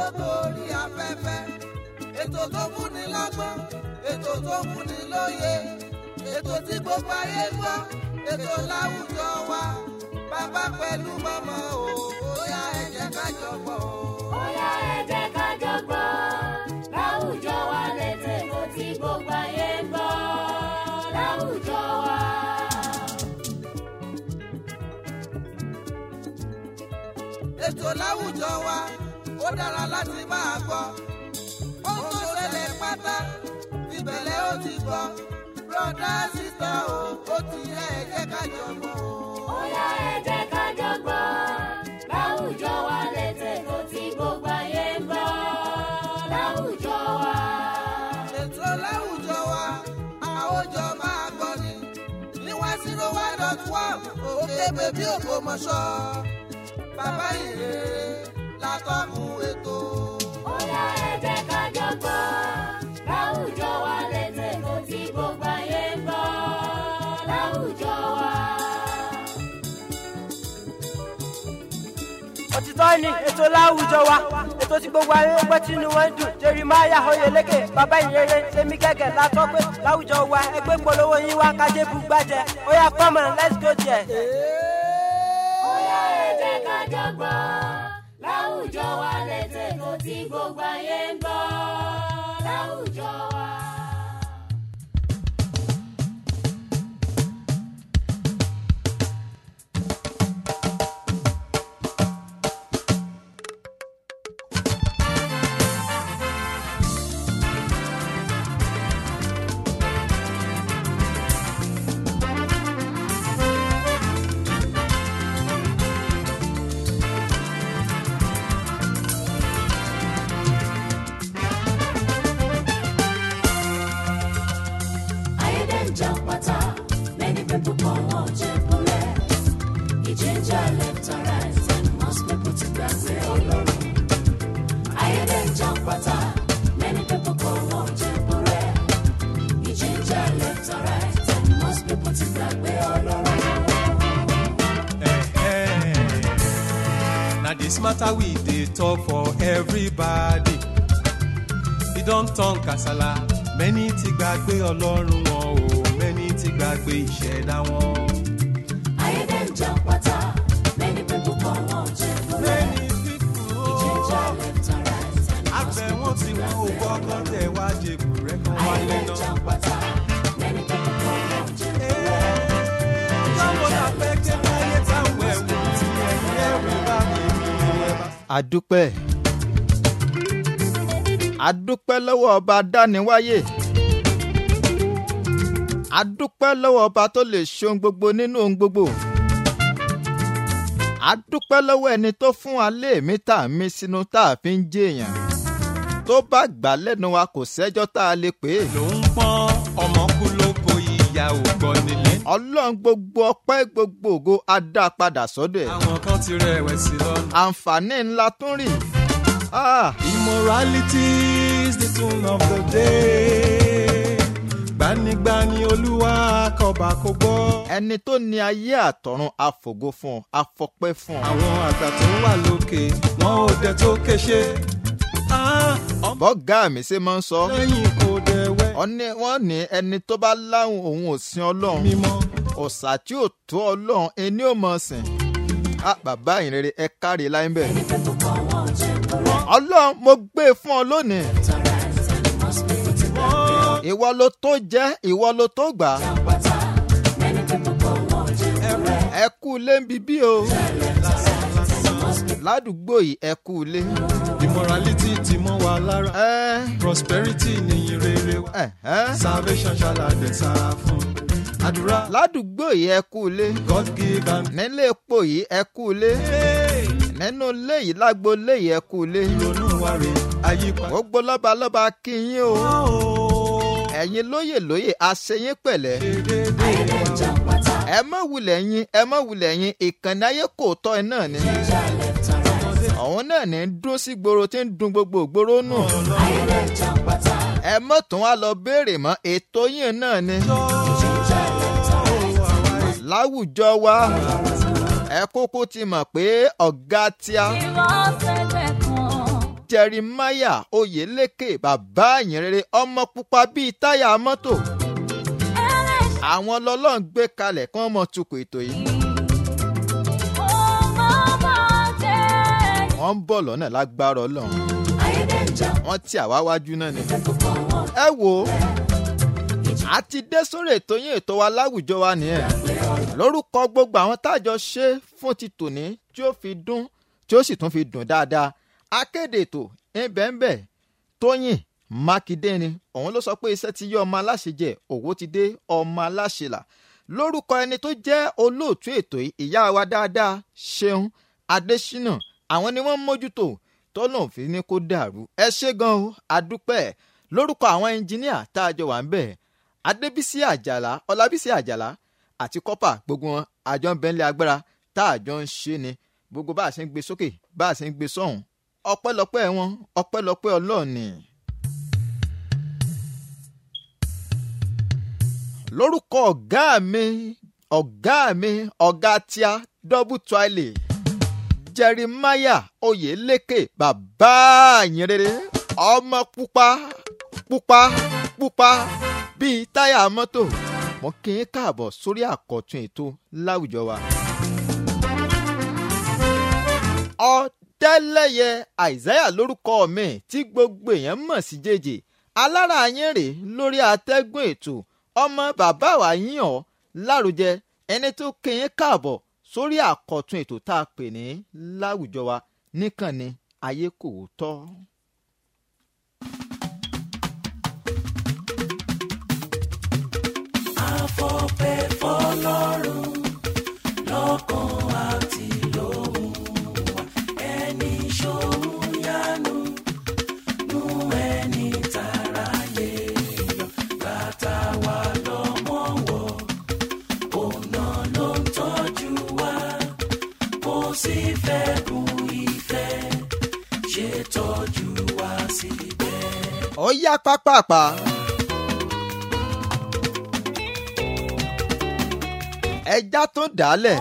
fótó orí afẹ́fẹ́ ètò tó fúnni lágbọ́n ètò tó fúnni lóye ètò tí gbogbo ayé gbọ́ ètò láwùjọ wa bàbá pẹ̀lú màmá o ó yá ká jọ gbọ́ o. ká jọ láwùjọ wa lẹ́tẹ̀ ètò tí gbogbo ayé gbọ́ láwùjọ wa. ètò láwùjọ wa ó dára láti máa gbọ́ ó tó ṣẹlẹ̀ pátá ìbẹ̀lẹ̀ ó ti gbọ́ brọ́dá sísá o ó ti yẹ ẹ jẹ́ ká jọ gbọ́. ó yá ẹ jẹ́ ká jọ gbọ́ láwùjọ wa lẹ́tẹ̀ tó ti gbogbo ayé ń gbọ́ láwùjọ wa. ètò láwùjọ wa a ó jọ máa gbọ́ ni ní wá zero one dot one òkè bèbí ògbómọ̀ṣọ́ bàbá ìrè. láwùjọ wa ètò tí gbogbo ayé pẹ́ tínú wọn dùn Jeremiah Oyeleke bàbá ìrere Semi Keke látọ́pẹ́ láwùjọ wa ẹgbẹ́ polówó yín wá kájé bùgbàjẹ́ ó yá let's go there. This matter we dey talk for everybody e don turn kasala many ti gbàgbé ọlọ́run wọn o many ti gbàgbé ìṣẹ̀dá wọn. ayé dẹ̀ ń jọ many people kọ́ wọn jẹ́ bọ́lẹ̀ ìjẹ́jà left and right and hospital gbàgbé ọlọ́run. àbẹ̀wọ̀n tí wọn ò gbọ́ kọ́ tẹ̀ wá jẹ̀kù rẹ̀ ayé dẹ̀ ń jọ àdúpẹ́ àdúpẹ́ lọ́wọ́ ọba dániwáyé àdúpẹ́ lọ́wọ́ ọba tó lè ṣe ohun gbogbo nínú ohun gbogbo àdúpẹ́ lọ́wọ́ ẹni tó fún wa léèmí tá a mí sínú tá a fi ń jèèyàn tó bá gbà lẹ́nu wa kò sẹ́jọ́ tá a lè pè é. ló ń pọ́n ọmọkú lóko ìyá ọlọ́run gbogbo ọpẹ́ gbogbo ògo adá padà sọ́dọ̀ ẹ̀. àwọn kan ti rẹ̀wẹ̀sì lọ́nà. àǹfààní ńlá tún rì. Ah. immorality is the tune of the day. gbanigbani olúwa kọba kó gbọ́. ẹni tó ní ayé àtọ̀run àfògo fún ọ àfọpẹ́ fún ọ. àwọn àgbà tó wà lókè wọn ò dẹ tó kéṣe. Ah, bọ́gá mi ṣe máa ń sọ. lẹ́yìn ikú wọ́n ní ẹni tó bá láhùn òun ò sin ọlọ́run ọ̀sà tí ò tó ọlọ́run ẹni ò mọ̀ sìn ah, bàbá ìrere ẹ káre láì bẹ̀. ọlọ́run mo gbé e fún ọ lónìí ìwọ ló tó jẹ́ ìwọ ló tó gbà ẹ kú lé ń bíbí o. Tẹ́lẹ̀ ládùúgbò yìí ẹ kú ilé. immorality ti mọ́ wa lára prosperity ni ìyìn rere wa salvation ṣàlàdé sára fún àdúrà. ládùúgbò yìí ẹ kú ilé. God give am. nílé epo yìí ẹ kú ilé. nínú ilé yìí lágbo ilé yìí ẹ kú ilé. ìrònú wa rè àyípadà. gbogbo lọ́balọ́ba kí yín o. ẹ̀yin lóyè lóyè àṣeyín pẹ̀lẹ́. ẹ mọ̀ wulẹ̀ yín ẹ mọ̀ wulẹ̀ yín ìkànnì ayé kò tọ́ ẹ náà ni ọ̀hún náà ní dúró sí gbòòrò tí ń dun gbogbo gbòòrò nù. ẹ mọ̀ tún wá lọ béèrè mọ́ ètò yìí náà ni. láwùjọ wa ẹ kúkú ti mọ̀ pé ọ̀gá tíá jẹrimaya oyeleke bàbá àyìnrere ọmọ pupa bíi táyà mọ́tò àwọn lọ́lọ́ ń gbé kalẹ̀ kí mọ̀ tukọ̀ ètò yìí. wọ́n ń bọ̀ lọ́nà lágbára ọlọ́run wọ́n ti àwa wájú náà ni. ẹ wo a ti dé sórí ètò yín ètò wa láwùjọ wa nìyẹn lórúkọ gbogbo àwọn táàjọ ṣe fún ti tòní tí ó fi dún tí ó sì tún fi dùn dáadáa akéde ètò ńbẹ̀ńbẹ̀ tóyìn mákindé ni òun ló sọ pé iṣẹ́ ti yí ọmọ aláṣẹ jẹ òwò ti dé ọmọ aláṣẹ là lórúkọ ẹni tó jẹ́ olóòtú ètò ìyá wa dáadáa ṣeun adésínà àwọn ni wọ́n ń mójútó tọ́lọ̀ fi ní kó dàrú ẹ ṣe gan o àdúpẹ́ lórúkọ àwọn ẹnjìníà tá a jọ wà ń bẹ̀ adébísí àjàlá ọlábísí àjàlá àti kọ́pà gbogbo wọn àjọ ń bẹ́ńlẹ̀ agbára tá a jọ ń ṣe ni gbogbo bá a ṣe ń gbé sókè bá a ṣe ń gbé sọ́hùn ọpẹ́lọpẹ́ wọn ọpẹ́lọpẹ́ ọlọ́ọ̀ni. lórúkọ ọ̀gá mi ọ̀gá mi ọ̀gá tíá dọ́bù tọ́ilẹ̀. Jeremiah Oyeleke bàbá àyìnrere ọmọ pupa pupa pupa bíi táyà mọ́tò mo kí n káàbọ̀ sórí àkọ́tún ètò láwùjọ wa. ọ̀dẹ́lẹ́yẹ àìsáyà lórúkọ mi tí gbogbo èèyàn mọ̀ sí jèjì alára yín rèé lórí atẹ́gùn ètò ọmọ bàbá wa yín ọ́ láròjẹ ẹni tó kí n káàbọ̀ sórí àkọ̀tun ètò tá a pè ní láwùjọ wa níkànnì ayé kò tọ́. ó yá pápápá. ẹja tó dálẹ̀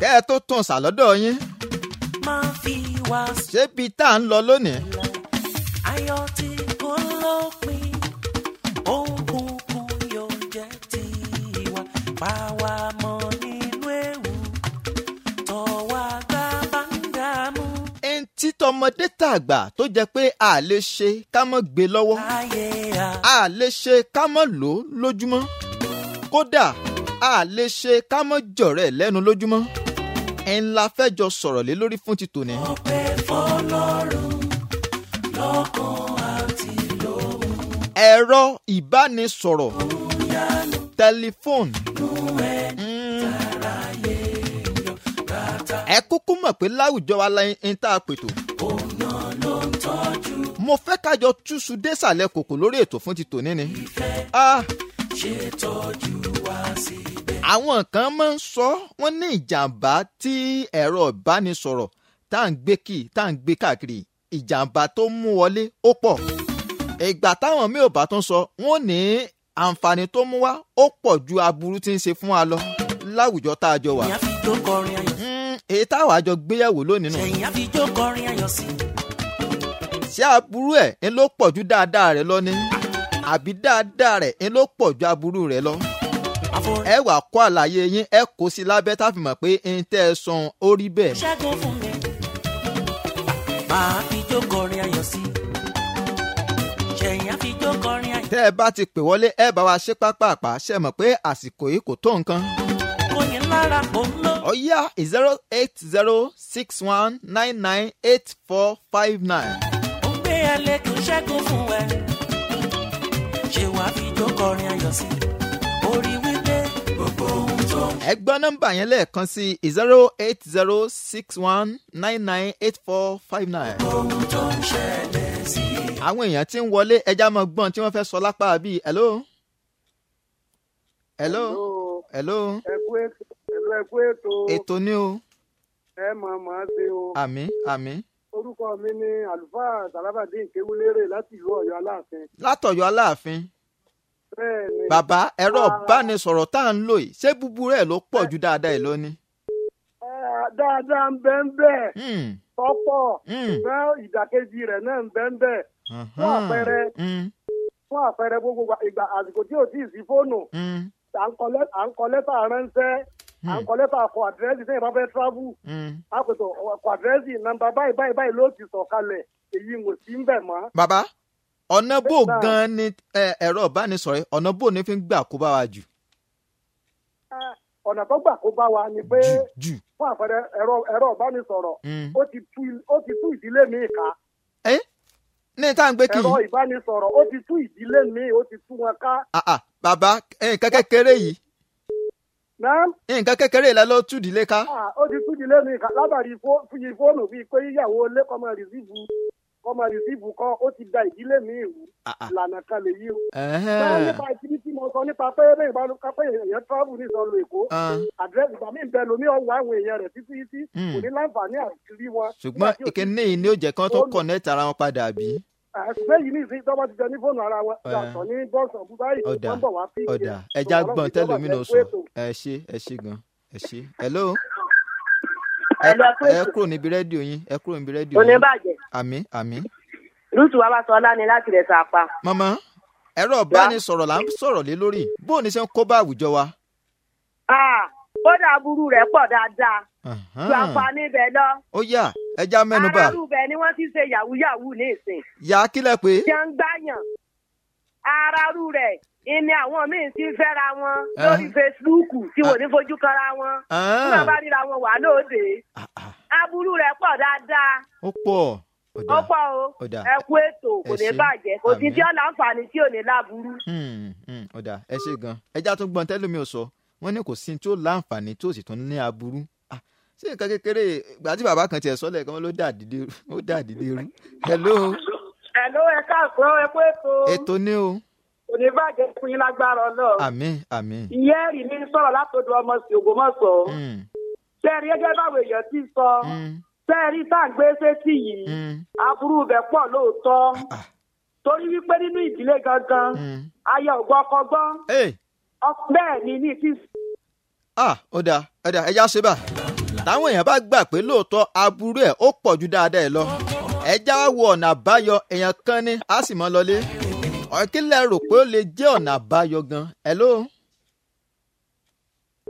kẹ́ ẹ tó tún sàlọ́dọ̀ yín ṣébi tá à ń lọ lónìí. ayọ̀ tí kò lópin ohun kúkú yóò jẹ́ tiwa bá wa mọ́. tọmọdé tàgbà tó jẹ́ pé a lè ṣe ká mọ́ gbé lọ́wọ́ a lè ṣe ká mọ́ lò lójúmọ́ kódà a lè ṣe ká mọ́ jọ̀rẹ́ lẹ́nu lójúmọ́ ẹ̀ ń la lé lórí fún ti tòní. ọpẹ́ fọ́lọ́run lọ́kàn àti lóhùn. ẹ̀rọ ìbánisọ̀rọ̀ tẹlifóònù. ẹ kúkú mọ̀ pé láwùjọ wa la ń tá a pètò. òun náà ló ń tọ́jú. mo fẹ́ kájọ túṣu désàlẹ̀ kòkò lórí ètò fún ti tòní ni. ìfẹ́ ṣe tọ́jú wa síbẹ̀. àwọn kan máa ń sọ wọ́n ní ìjàmbá tí ẹ̀rọ ìbánisọ̀rọ̀ tá à ń gbé kì tá à ń gbé káàkiri ìjàmbá tó mú wọlé ó pọ̀ ìgbà táwọn mi ò bá tún sọ wọ́n ní àǹfààní tó mú wá ó pọ̀ ju aburú tí ń ṣe fún wa lọ láwùjọ tá a jọ wà. ìyá fi tó kọrin ayọ̀. Hmm èyí táwọn àjọ gbéyàwó lónìí nù. ṣèyàn fi jó kọrin ayọ̀ sí. ṣé aburú ẹ̀ ń ló pọ̀ ju dáadáa rẹ̀ lọ ni àbí dáadáa rẹ̀ ń ló pọ̀ ju aburú rẹ̀ lọ. ẹ wà kó àlàyé yín ẹ kó sí lábẹ́ tá mọ̀ pé ń tẹ́ ẹ sàn ó bẹ́ẹ̀. ṣẹ́gun fún mi máa fi jó kọrin ayọ̀ sí ṣẹ̀yìn á kọrin ayọ̀. tẹ́ ẹ bá ti pè wọlé ẹ bá wa ṣe pápá àpá ṣe mọ̀ pé àsìkò yìí kò tó nǹkan yín lára òun ló. ọ̀yá zero eight zero six one nine nine eight four five nine. ó gbé ẹlẹ́kùn ṣẹ́gun fún ẹ ṣé wàá fi jókòrin ayọ̀ sí orí wípé gbogbo ohun tó. ẹ gbọ́ nọ́mbà yẹn lẹ́ẹ̀kan sí zero eight zero six one nine nine eight four five nine. gbogbo ohun tó ń ṣẹlẹ̀ sí. àwọn èèyàn tí ń wọlé ẹja mọ gbọ́n tí wọ́n fẹ́ sọ lápá bíi hello. hello. hello. hello rẹ fún ètò. ètò ni o. ẹ máa máa ṣe o. àmín àmín. orúkọ mi ni àlùfáà Sàràfàdín Kéwúlérè láti ìlú Ọ̀yọ́ Aláàfin. látọ̀yọ́ Aláàfin. bẹ́ẹ̀ni. bàbá ẹ̀rọ ìbánisọ̀rọ̀ tá à ń lò yìí ṣé búburú ẹ̀ ló pọ̀ ju dáadáa ẹ̀ lọ ni. dáadáa ń bẹ́ ń bẹ́ tọ́pọ̀ hmm. hmm. ṣùgbọ́n ìdàkejì rẹ̀ náà ń bẹ́ ń bẹ́ fún àpẹẹrẹ hmm. fún àpẹẹrẹ gbogbo ìgbà àsìkò tí ò tí ì sí fóònù à ń kọ lẹ́tà ránṣẹ́ à ń hmm. kọ lẹ́tà kọ àdírẹ́sì sẹ́yìn bá fẹ́ tíráfù àpètò hmm. kọ àdírẹ́sì nàmbà báyìí báyìí báyìí ló ti sọ̀kalẹ̀ èyí mo sì ń bẹ̀ mọ́. bàbá ọ̀nà bò gan-an ni ẹ̀rọ ìbánisọ̀rọ̀ ọ̀nà bò ní fi ń gbà kó bá wa jù. ọ̀nà tó gbà kó bá wa ni pé fún àpẹẹrẹ ẹ̀rọ ìbánisọ̀rọ̀ hmm. ó ti tú ìdílé mi ká ní tá ń gbé kì í. ẹ̀rọ ìbánisọ̀rọ̀ ó ti tú ìdílé mi ó ti tú wọn ká. Ah, ah, bàbá nǹkan kékeré yìí nǹkan kékeré la ló tú ìdílé ká. Ah, ó ti tú ìdílé mi ká lábàárí fúyì fóònù bíi pé yíyàwó ilé kọ́mọ rìsíìfù kọ́mọ rìsíìfù kan ó ti da ìdílé mi rú ah, ah. ìlànà kan lè yí o. nípa ìdílé tí mo sọ nípa pé bẹ́ẹ̀ bá ká pé èèyàn tọ́ọ̀bù ní ìsọ̀lù èkó àdírẹ́sì bàmí ń bẹ lómi ọ̀wọ́ àwọn èèyàn rẹ̀ títí títí hmm. kò ní láǹfààní àti rí wọn. ṣùgbọ́n ìkíní ni ó jẹ́ kán tó kọ̀nẹ́tì ara wọn padà bí àgbẹ̀ yìí ní ìsìn tó bá ti jẹ ní fóònù ara wa yàtọ̀ ní bọ́ọ̀sì ọ̀bù báyìí wọ́n bọ̀ wá sí ìgbé. ọ̀dà ẹja gbọ̀n tẹ́lómìnà sùn ẹ ṣe ẹ ṣe gan ẹ ṣe hello ẹ kúrò níbi rédíò yín ẹ kúrò níbi rédíò yín. oníbàjẹ́. àmín àmín. lùtù wa bá sọ ọlá ni láti rẹ̀ sàpá. màmá ẹ̀rọ ìbánisọ̀rọ̀ là ń sọ̀rọ̀ lé lórí bó o ní ṣe ń kó bá àwùjọ wa. Ah, kódà aburú rẹ̀ pọ̀ dáadáa ju àǹfààní bẹ́ẹ̀ lọ. ó yà ẹja mẹ́nubà. ara lùbẹ̀ ni wọ́n ti ṣe yahoo yahoo ní ìsìn. yà á kílẹ̀ pé. jẹ́ ń gbàyàn ara rú rẹ̀ ìní àwọn míì ti fẹ́ra wọn lórí Facebook tí wọ́n ní ah. fojú kanra wọn tí wọ́n bá ríra wọn wà lóde ah, ah. aburú rẹ̀ pọ̀ dáadáa. ó pọ̀ ó pọ̀ o ẹ kú ètò kò ní bàjẹ́ kò sí tí ó láǹfààní tí ò ní láburú. Hmm, hmm. ọ̀dà ẹ ṣe gan ẹja tó gbọ́n tẹ́lómi ò sọ wọ́n ní kò sí tí ó láǹfààní tí ò sì tún ní aburú ṣé nǹkan kékeré ìgbà tí bàbá kan tiẹ̀ sọ́lẹ̀ kan ló dà dídé ó dà dídé rú. hello. hello ẹ káàkó ẹ kó ètò. ètò ni o. kò bàjẹ́ fún yín lágbára Ọlọ́run. àmín àmín. ìyẹ́rì ní sọ̀rọ̀ látọ̀dọ̀ ọmọ sí Ògbómọ̀ṣọ́. sẹ́ẹ̀rì hmm. gẹ́gẹ́ báwo èèyàn ti sọ. sẹ́ẹ̀rì hmm. tá à ń gbé yìí. Hmm. aburú bẹ̀ pọ̀ lóòótọ́. Ah, ah. torí wípé nínú ìdílé gangan. ayé ògbọ́ ọkọ gbọ́. Eh. bẹ́ẹ̀ táwọn èèyàn bá gbà pé lóòótọ́ aburú ẹ̀ ó pọ̀ ju dáadáa ẹ̀ lọ ẹ já wo ọ̀nà àbáyọ èèyàn kan ní a sì mọ́ lọlé ọ̀kí lẹ rò pé ó lè jẹ́ ọ̀nà àbáyọ gan hello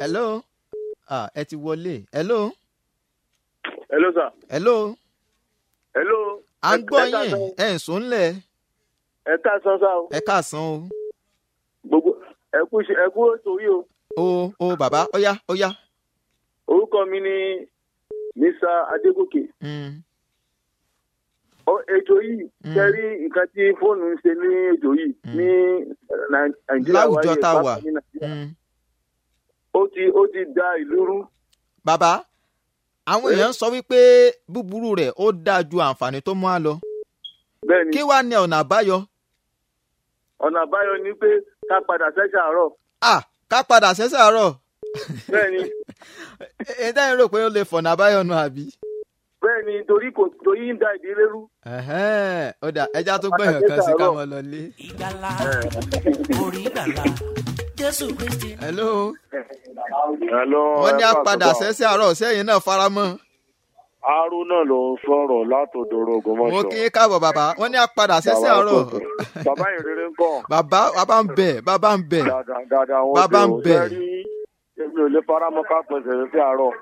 hello ah ẹ ti wọlé hello. hello sir. hello. hello. à ń gbọ́ yín ẹ̀ ń sùn lẹ̀. ẹ káàsán sá o. ẹ káàsán o. gbogbo ẹ kú ètò yìí o. o o bàbá ó yá orúkọ mi ni misa adegoke, ètò yìí mm. ṣe rí nǹkan tí fóònù ń ṣe ní ètò yìí mm. ní eh, nàìjíríà wáyé báwa ní nàìjíríà mm. ó ti ó ti da ìlú rú. bàbá àwọn eh? èèyàn sọ wípé búburú rẹ̀ ó dáa ju àǹfààní tó mú á lọ kí wàá ní ọ̀nà àbáyọ. ọ̀nà àbáyọ ni pé ká padà ṣẹ̀ṣẹ̀ àárọ̀. à ká padà ṣẹ̀ṣẹ̀ àárọ̀ bẹ́ẹ̀ni. ẹ dáhùn rò pé ó lè fọ̀nà àbáyọ nù àbí. bẹ́ẹ̀ni torí kò torí ń da rú. ó dà ẹja tó gbẹ̀yàn kan sí ká mọ́ wọ́n ní sẹ́sẹ́ àárọ̀ sẹ́yìn náà faramọ́. ló ń sọ̀rọ̀ látòdòrò mo kí wọ́n ní sẹ́sẹ́ àárọ̀. bàbá ń kọ́. bàbá bàbá bàbá ń èmi ò lè faramọ́ ká pẹ̀sẹ̀ sí àárọ̀.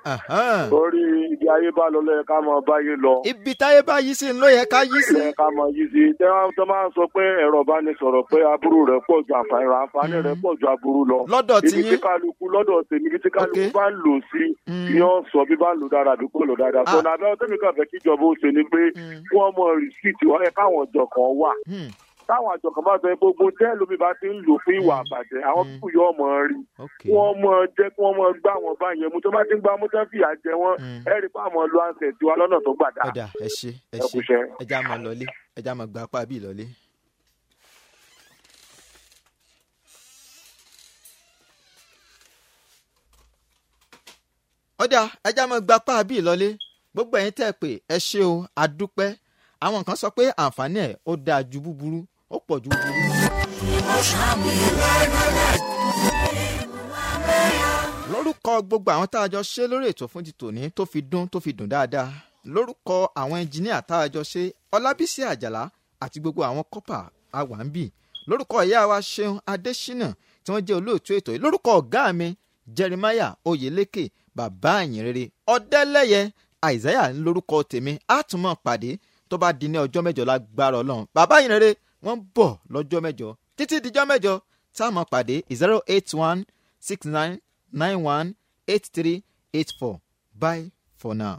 torí ibi ayé bá lọ lọ́yẹ ká máa bá yé lọ. ibi táyé bá yí sí ló yẹ ká yí sí. ká máa yí sí tẹ tó máa sọ pé ẹ̀rọ ìbánisọ̀rọ̀ pé aburú rẹ̀ pọ̀ ju àǹfààní rẹ̀ mm. pọ̀ ju aburú lọ. lọ́dọ̀ tí ibi tí kálukú lọ́dọ̀ tèmi ibi tí kálukú bá ń lò sí mm. ni ó sọ bí bá ń lò dára àbí kò lò dára. sọ̀nà ah. àbẹ́wò tẹ́mi kàn fẹ́ kíjọba ó ṣe ni pé mm. wọ́n mọ táwọn àjọkàn bá bẹ gbogbo jẹ́ lómi bá ti ń lò fún ìwà mm. àbàjẹ́ àwọn pípù yọ ọmọ rí kí wọ́n mọ jẹ́ kí wọ́n mọ gbá wọn bá yẹn mú tó bá ti ń gbá mú tán fìyà jẹ wọn mm. ẹ rí pa àwọn lọ àṣẹ tiwa lọ́nà tó gbà dá. ọ̀dà ẹ ṣe ẹ ṣe ẹ já máa lọlé ẹ já máa gba apá bíi lọlé. ọ̀dà ẹ já máa gba apá bíi lọlé gbogbo ẹ̀yin tẹ́ pé ẹ ṣé o adúpẹ́ àwọn kan sọ pé àǹfààní ẹ̀ ó dáa ju búburú ó pọ̀ ju ojú rí. lórúkọ gbogbo àwọn tá a jọ ṣe lórí ètò fún ti tòní tó fi dún tó fi dùn dáadáa lórúkọ àwọn ẹnjìníà tá a jọ ṣe ọlábísí àjàlá àti gbogbo àwọn kọ́pà àwàǹbì lórúkọ ìyá wa ṣeun adésínà tí wọ́n jẹ́ olóòtú ètò yìí lórúkọ ọ̀gá mi jeremiah oyeleke bàbá àyìnrere ọ̀dẹ́lẹ́yẹ Isaiah lórúkọ tèmi á tún máa pàdé tó bá di ní ọjọ́ mẹ́jọ lágbára ọlọ́run bàbá àyìnrere wọ́n bọ̀ lọ́jọ́ mẹ́jọ títí dijọ́ mẹ́jọ tá pàdé zero eight one six nine nine one eight three eight four bye for now.